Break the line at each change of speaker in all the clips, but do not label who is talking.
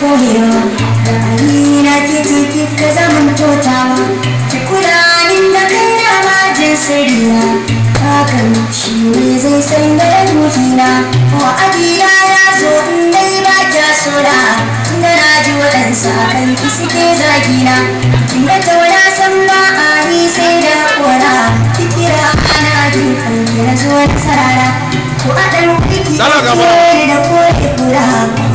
koyewa ra'ayi na ke teki ta zaman totawa ta kudanin da kai na majin sirriya hakan shi ne zai san da ruhina ko adiya ya zo in dai ba kya sora tunda na ji waɗansa kan ki suke zagina kin ga tauna san ba a yi sai da kora kikira ana dukan ki na zo da sarara ko a ɗan kiki da kore kura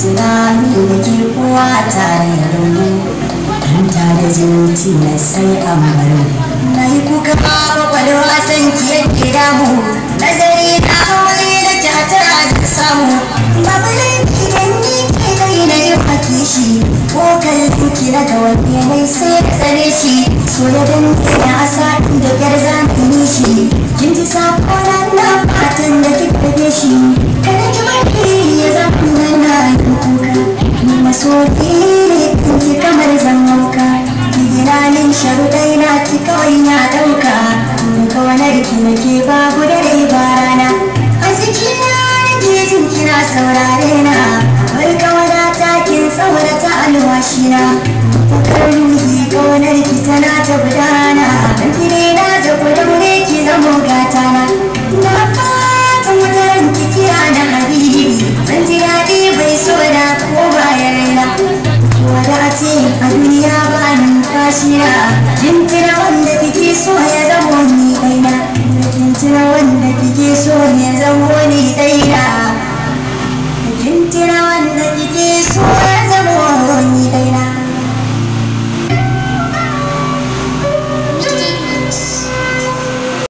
tunani da ke a tare da mu an tare zumunci na sai an bar na yi kuka ba kwakwalwa san ki yake damu nazari na aure da ke a tara da samu babu laifi idan ni ke dai na yi fake shi ko kai ki na ga wani yanayi sai ya tsare shi so ya danne na asa da gyara soke ki kamar zangonka gilalin sharuɗai na ki kawai na ɗauka kawanar ki nake babu dare ba rana a jikina nake jin kina saurare na wai kawana takin tsaurata Shriram ನಿಂತಿರ ಒಂದೇ ಸುಹೇ